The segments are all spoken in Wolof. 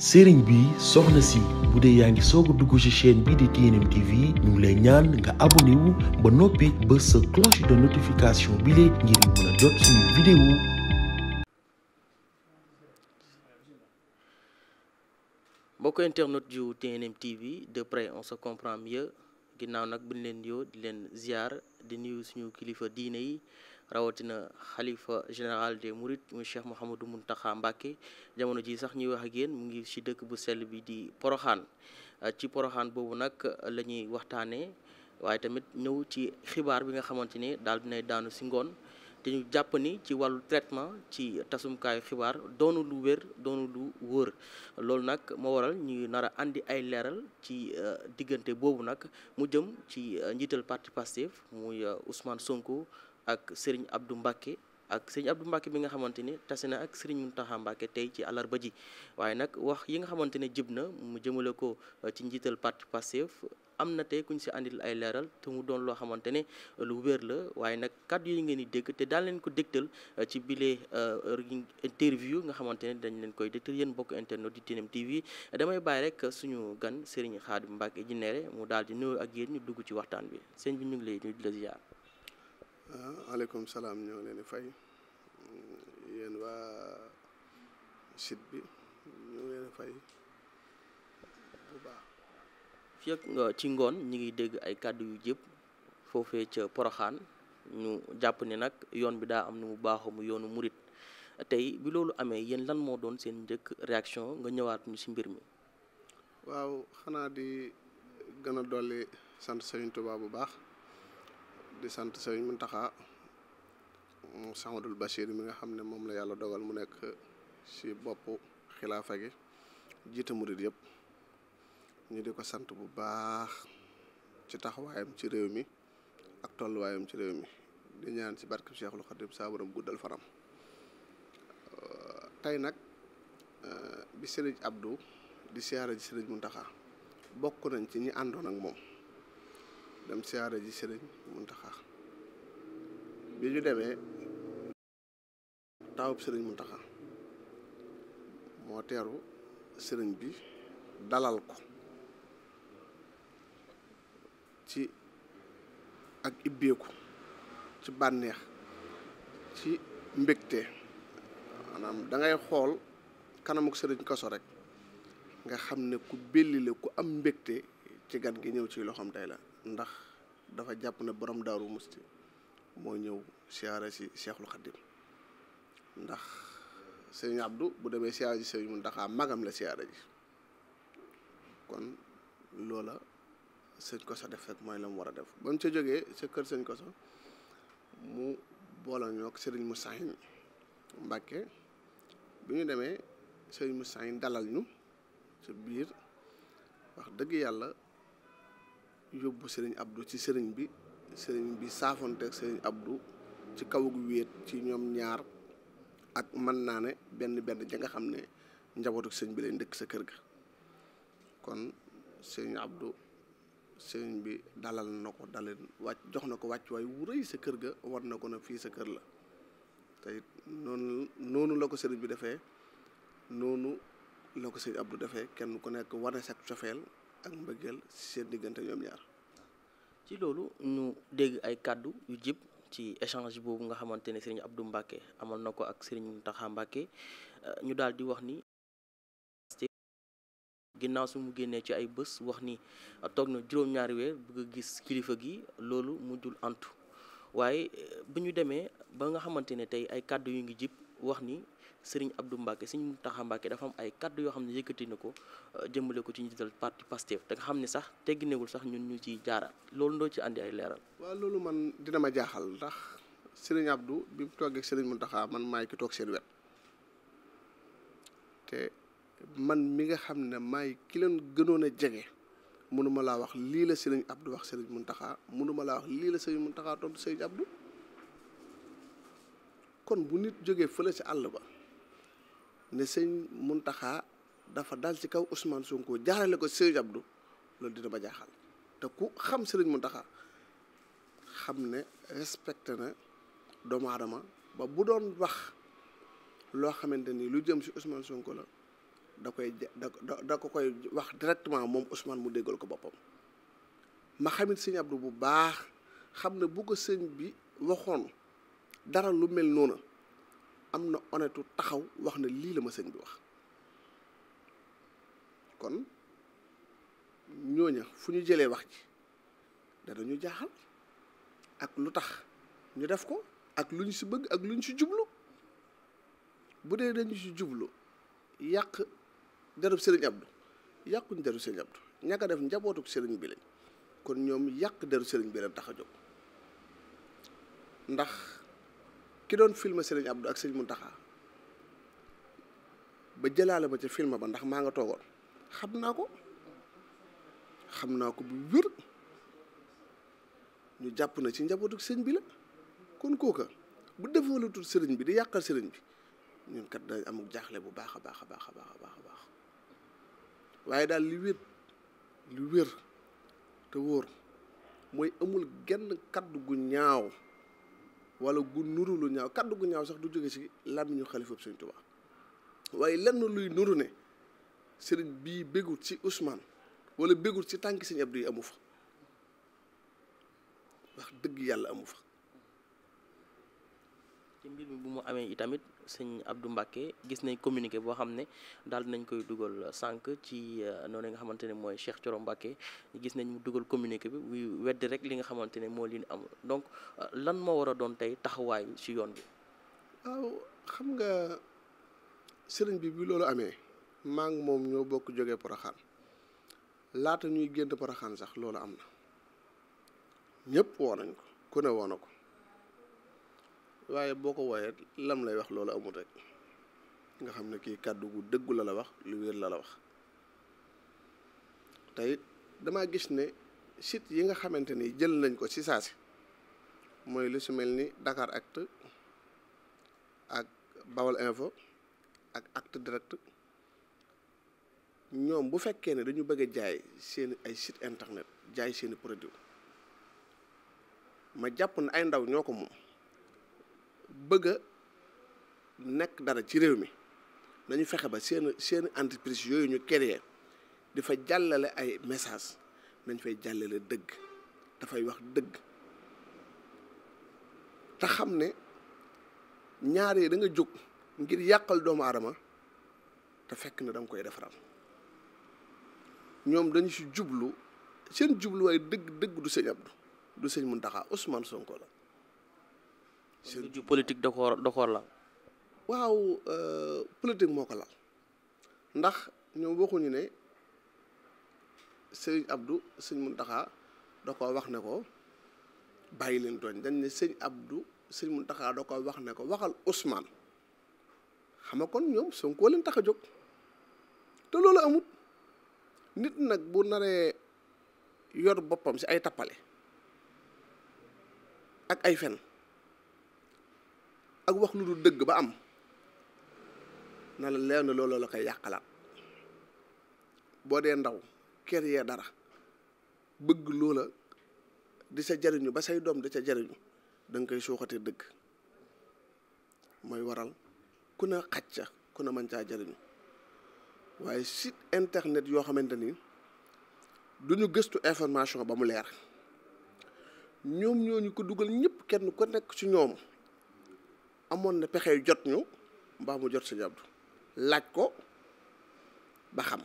sëriñ bi soxna si bu dee yaa ngi soog a dugg ci chaîne bi di TNM TV ñu ngi lay ñaan nga abonné wu ba noppi ba sa cloche de notification bi la ngir mën a jot suñu vidéo mbokk internet ju TNM TV de près on se comprend mieux ginnaaw nag buñ leen yoo di leen ziar di nuyu suñu kilifa diine yi rawatina xalifa général des Mourides muy Cheikh Mouhamadou Mountakha Mbacké jamono ji sax ñuy wax génn mu ngi ci dëkk bu sell bi di Poroxaan ci Poroxaan boobu nag la ñuy waxtaanee waaye tamit ñëw ci xibaar bi nga xamante ni daal dinay daanu si ngoon te ñu jàpp ni ci wàllu traitement ci tasumkaayu xibaar doonu lu wér doonu lu wóor loolu nag moo waral ñu nar a andi ay leeral ci diggante boobu nag mu jëm ci njiital partie Pastef muy Ousmane Sonko ak Serigne Abdou Mbacke ak Serigne Abdou Mbacke mi nga xamante na ak Serigne Mountakha Mbacke tey ci àllarba ji waaye nag wax yi nga xamante ne mu jëmale ko e, ci njiital parti Pastef am na kuñ si andil ay leeral te mu doon loo xamante ne e, lu wér la waaye nag ngeen te daal leen ko dégtal e, ci bile interview nga xamante ne dañ leen koy dégtal yéen bokk internet di TNM TV damay bàyyi rek suñu gan Serigne Khadim Mbacke Djinéra mu daal di nuyoo ak yéen ñu dugg ci waxtaan bi sëñ bi ñu ngi lay di la ziar. Ah, aleykum salaam ñoo leen di fay yéen waa site bi ñoo leen fay bu baax. fii ak euh, ci ngoon ñi ngi dégg ay kàddu yu jëpp foofe ca Poroxaan ñu jàpp ne nag yoon bi daa am nu mu baaxoo mu yoonu murit tey bi loolu amee yéen lan moo doon seen njëkk réaction nga ñëwaat ñu ci mbir mi. waaw xanaa di gën a dolli sant Serigne Touba bu baax. di sant Serigne Mountakha sahadul mm, bashir mi nga xamne mom la yalla dogal mu nek ci bop khilafa gi jiite murid yeb ñu di sant bu baax ci taxawayam ci rew mi ak tolluwaayam ci rew mi di ñaan ci barke Cheikhul Khadim borom guddal faram euh, tay nak euh, bi Serigne Abdou di siara ci Serigne Mountakha bokku nañ ci ñi andon ak mom dem siyaare ji sëriñ Muntaxa bi ñu demee taawub sëriñ taxa moo teeru sëriñ bi dalal ko ci ak ibbeeku ci bànneex ci mbégte maanaam dangay xool kanamuk sëriñ Koso rek nga xam ne ku belli ku am mbégte ci gan gi ñëw ci loxoom day la ndax dafa japp ne borom daru musti mo ñew siara ci cheikhul khadim ndax serigne abdu bu siara ci serigne mun muntaxa magam la siara ji kon lola, serigne koso def rek moy lam wara def bam mu joggé ci sa kër sëñ koso mu bolo ñok serigne musahin mbacké bi ñu demee serigne musahin dalal ñu ci bir wax deug yalla yóbbu sëriñ Abdou ci sëriñ bi sëriñ bi saafonteeg sëriñ Abdou ci kawug wéet ci ñoom ñaar ak mën naa ne benn benn ja nga xam ne njabootu sëriñ bi lañ dëkk sa kër ga kon sëriñ Abdou sëriñ bi dalal na ko dalal wàcc jox na ko wàcc waay wu sa kër ga war na ko na fii sa kër la te noonu la ko sëriñ bi defee noonu la ko sëriñ Abdou defee kenn ku nekk wane sa cofeel ak mbëggeel seen diggante ñoom ñaar. ci loolu ñu dégg ay kàddu yu jib ci échange boobu nga xamante ne Serigne Abdou Mbacké amoon na ko ak Serigne Mountakha Mbacké euh, ñu daal di wax ni. ginnaaw su mu génnee ci ay bës wax ni toog na juróom-ñaari weer bëgg gis kilifa gi loolu mu mujjul antu waaye euh, bu ñu demee ba nga xamante ne tey ay kàddu yu ngi jib wax ni Sering Abdou mbake sing Mountakha Mbacke dafa am ay kaddu yoo xam ne yëkkati na ko euh, jëmbale ko ci njiital parti Pastef te nga xam ne sax tegginewul sax ñun ñu ciy jaaraat loolu do ci andi ay loolu man dina ma jaaxal ndax abdu Abdou bi mu toogee sëriñ man mai ki tok seen wet te man mi nga na mai kilon ki leen gënoon a jege. mënuma laa wax lii la sëriñ Abdou wax sëriñ Mountakha mënuma laa wax lii la sëriñ tontu kon bunit nit fule se ci ne sëñ Muntaxa dafa dal ci kaw Ousmane Sonko jaarale ko Sëriñ Abdou loolu dina ma jaaxal te ku xam sëriñ Muntaxa xam ne respecté na doomu adama ba bu doon wax loo xamante ni lu jëm ci Ousmane Sonko la da koy da ko koy wax directement moom Ousmane mu déggal ko boppam ma xamit Abdou bu baax xam ne bu ko bi waxoon dara lu mel noonu am na honnêtu taxaw wax na lii la ma sëñ bi wax kon ñooña fu ñu jëlee wax ji ñu jaaxal ak lu tax ñu def ko ak lu ñu si bëgg ak lu ñu si jublu bu dee dañu si jublu yàq derub sëriñ Abdou yàquñ deru sëriñ Abdou ñaka def njabootuk sëriñ bi lañ kon ñoom yàq deru sëriñ bi leen tax a jóg ndax ki doon filmé Serigne Abdou ak Serigne Mountakha ba jëlaale ma ca film ba ndax maa nga toogoon xam naa ko xam naa ko bu wér ñu jàpp na ci njabootu sëñ bi la kon kooka bu defalatul sëriñ bi di yàqal sëriñ bi ñun kat dañ amul jaaxle bu baax a baax a baax a baax a baax a baax waaye daal li wér li wér te wóor mooy amul genn kaddu gu ñaaw wala gu nuru lu ñaaw kaddu gu ñaaw sax du jóge ci làmmiñu xalifa bi Sëriñ Tuubaa waaye lenn luy nuru ne sëriñ bii bégut ci Ousmane wala bégut ci tànk Sëriñ Abdou yi amu fa wax dëgg yàlla amu fa. ci mbir mi bu sëñ Abdou Mbacké gis nañ communiqué boo xam ne daal nañ koy dugal euh, sànq ci euh, noonu nga xamante ne mooy Cheikh Thioro Mbacké gis nañ mu dugal communiqué bi muy weddi rek li nga xamante ne moo leen amul donc euh, lan moo war a doon tey taxawaay ci yoon bi. waaw xam nga sëriñ bi bi loolu amee maa ngi moom ñoo bokk jógee Porokhane laata ñuy génn Porokhane sax loolu am na ñëpp woo nañ ko ku ne woo na ko. waaye boo ko woyee lam lay wax loolu amut rek nga xam ne kii kàddu gu dëggu la la wax lu wér la la wax tey dama gis ne site yi nga xamante ni jël nañ ko ci saasi mooy lu si mel ni Dakar Actu ak Bawal Info ak Actu Direct ñoom bu fekkee ne dañu bëgg a jaay seeni ay site internet jaay seeni produit ma jàpp ne ay ndaw ñoo ko moom bëgg nekk dara ci réew mi nañu fexe ba seen seen entreprise yooyu ñu créé di fa jàllale ay message nañ fay jàllale dëgg dafay wax dëgg te xam ne ñaar yi da jóg ngir yàqal doomu aadama te fekk na da koy defaral ñoom dañu ci jublu seen jublu jubluwaay dëgg dëgg du sëñ Abdou du sëñ Mountakha Ousmane Sonko la mujj ju da koo da koo waaw euh, politique moo ko la ndax ñoom waxuñu ne sëñ abdu sëñ Muntaxa da koo wax ne ko bàyyi leen tooñ dañ ne sëñ Abdou sëñ Muntaxa da koo wax ne ko waxal Ousmane xam nga kon ñoom Sonko leen tax a jóg te loolu amut nit nag bu naree yor boppam si ay tappale ak ay fen ak wax lu dul dëgg ba am na la leer na looloo la koy yàqalaat boo dee ndaw ker yee dara bëgg loola di sa jariñu ba say doom di sa jariñu danga koy suuxate dëgg mooy waral ku ne xacca ku ne mën caa jariñu waaye site internet yoo xamante ni du ñu gëstu information ba mu leer ñoom ñooñu ko dugal ñëpp kenn ku nekk ci ñoom amoon na pexe jot ñu mbaa mu jot sëñ Abdou laj ko ba xam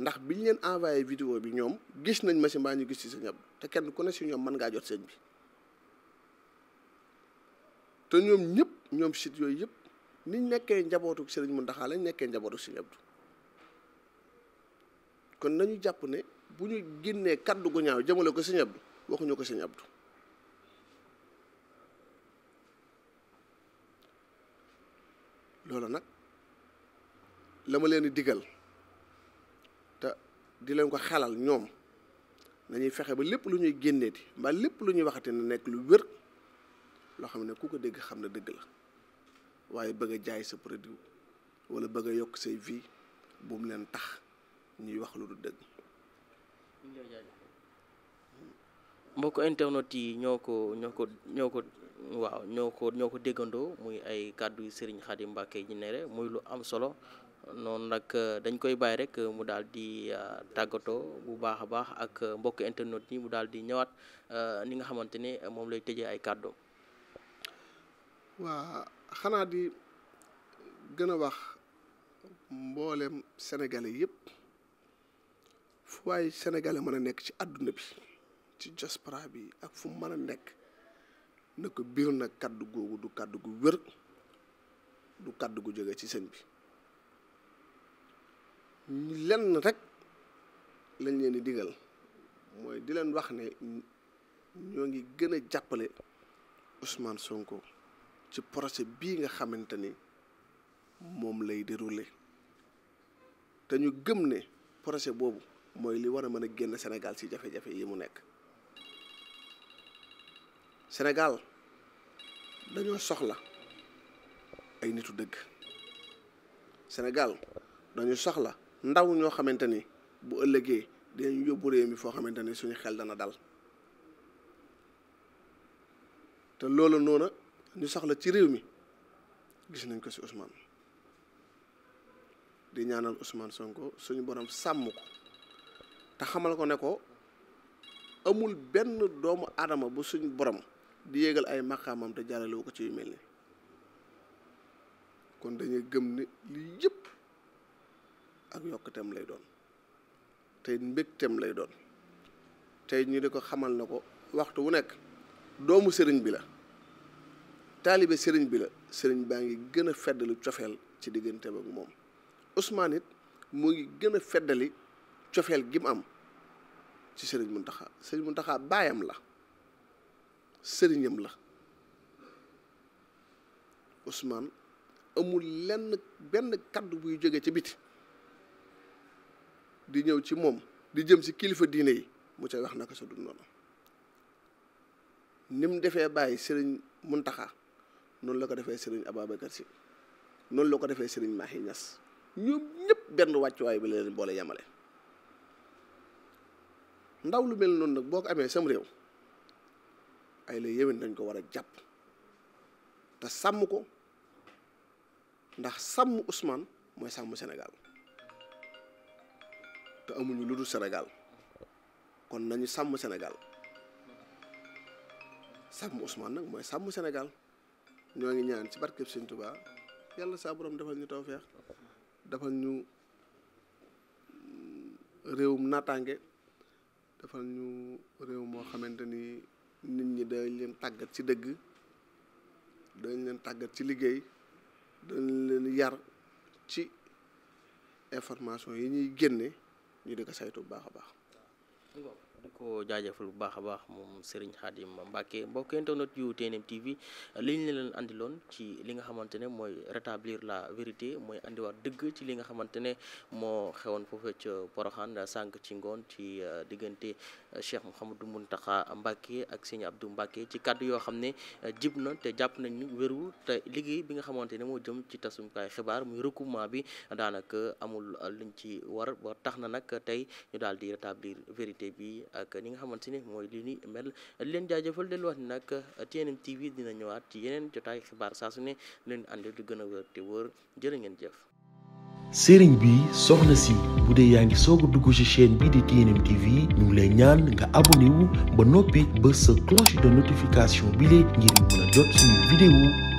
ndax biñu leen envoyé vidéo bi ñom gis nañ ma ci mbaa ñu gis ci sëñ Abdou te kenn ku ne ci ñom man nga jot sëñ bi te ñom ñep ñom site yooyu yëpp niñ nekké njabootu sëriñ Mountakha lañ nekkee njabootu sëñ Abdou kon nañu japp ne bu ñu génnee kaddu gu ñaaw jëmale ko sëñ Abdou waxuñu ko sëñ Abdou loolu nag lama leen diggal te di leen ko xelal ñoom nañuy fexe ba lépp lu ñuy génneeti mbaa lépp lu ñuy waxati na nekk lu wér loo xam ne ku ko dégg xam na dëgg la waaye bëgg a jaay sa produit wala bëgg a yokk say vie bu mu leen tax ñuy wax lu du dëgg mbokk internet yi ñoo ko ñoo ko ñoo ko waaw ñoo ko ñoo ko déggandoo muy ay kàddu yu Serigne Khadim yi ñi nere muy lu am solo noonu nag euh, dañ koy bàyyi rek euh, mu daal di euh, tàggatoo bu baax a baax ak mbokk internet yi mu daal di ñëwaat ni nga xamante ne moom lay tëjee ay kàddu. waa xanaa di gën a wax mboolem sénégalais yëpp fu waaye sénégalais mën a nekk ci àdduna bi ci diaspora bi ak fu mu mën a nekk. Nak ko biir na kaddu gogu du kaddu gu wér du kaddu gu joge ci sëñ bi lenn rek lañ leen di digal mooy di leen wax ne ñoo ngi gën a jàppale Ousmane Sonko ci procès bii nga xamante ni moom lay déroulé te ñu gëm ne procès boobu mooy li war a mën a génn Sénégal ci jafe-jafe yi mu nekk Sénégal dañoo soxla ay nitu dëgg Sénégal dañu soxla ndaw ñoo xamante ni bu ëllëgee dinañ yóbbu réew mi foo xamante ni suñu xel dana dal te loolu noonu ñu soxla ci réew mi gis nañ ko si Ousmane di ñaanal Ousmane Sonko suñu borom sàmm ko te xamal ko ne ko amul benn doomu adama bu suñu borom. di yéegal ay maqaamam te jaarale ko ci yu mel ni kon dañuy gëm ni lii yëpp ak yokkuteem lay doon tey mbégteem lay doon tey ñu di ko xamal na ko waxtu wu nekk doomu sëriñ bi la taalibe sëriñ bi la sëriñ baa ngi gën a feddali cofeel ci diggante ak moom Ousmane mu ngi gën a feddali cofeel gi mu am ci sëriñ Muntaxa sëriñ Muntaxa baayam la sëriñam la Ousmane amul lenn benn kaddu buy jóge ci biti di ñëw ci moom di jëm si kilifa diine yi mu ca wax naka sa dund noonu ni mu defee bàyyi sëriñ Muntaxa noonu la ko defee sëriñ Ababacar Si noonu la ko defee sëriñ Mahi Ñas ñoom ñëpp benn wàccuwaay bi la leen boole yamale ndaw lu mel noonu nag boo ko amee sama réew ay la yéwén dañ ko war a jàpp te sàmm ko ndax sàmm Ousmane mooy sàmm Sénégal te amuñu lu dul Sénégal kon nañu sàmm Sénégal sàmm Ousmane nag mooy sàmm Sénégal ñoo ngi ñaan ci barkeb Sëñ Tuubaa yàlla saa borom defal ñu tawfeex defal ñu mm, réewum naataange defal ñu réew moo xamante ni nit ñi dañ leen tàggat ci dëgg dañ leen tàggat ci liggéey dañ leen yar ci information yi ñuy génne ñu di saytu bu baax a baax di ko jaajëfal bu baax a baax moom Serigne Khadim Mbacke mbokk internet yu TNM TV li ñu leen andiloon ci li nga xamante ne mooy rétablir la vérité mooy andiwaat dëgg ci li nga xamante ne moo xewoon foofu ca Porokhane sànq ci ngoon ci euh, diggante euh, Cheikh Mouhamadou Mountakha Mbacke ak Serigne Abdou Mbacke ci kàddu yoo xam ne euh, jib na te jàpp nañ ni wéru te liggéey bi nga xamante ne moo jëm ci tasumkaay xibaar muy recoupement bi daanaka amul luñ ci war ba tax na nag tey ñu ak ni nga xamante ni mooy li ni mel leen jaajëfal delluwaat ni nag TNM TV dina ñëwaat ci yeneen jotaay xibaar saa su ne leen àndal di gën a wër te wóor jërë ngeen jëf. sëriñ bi soxna si bu dee yaa ngi soog a dugg ci chaîne bii di TNM TV ñu ngi lay ñaan nga abonné ba noppi ba sa cloche de notification bi la ngir mën jot suñu vidéo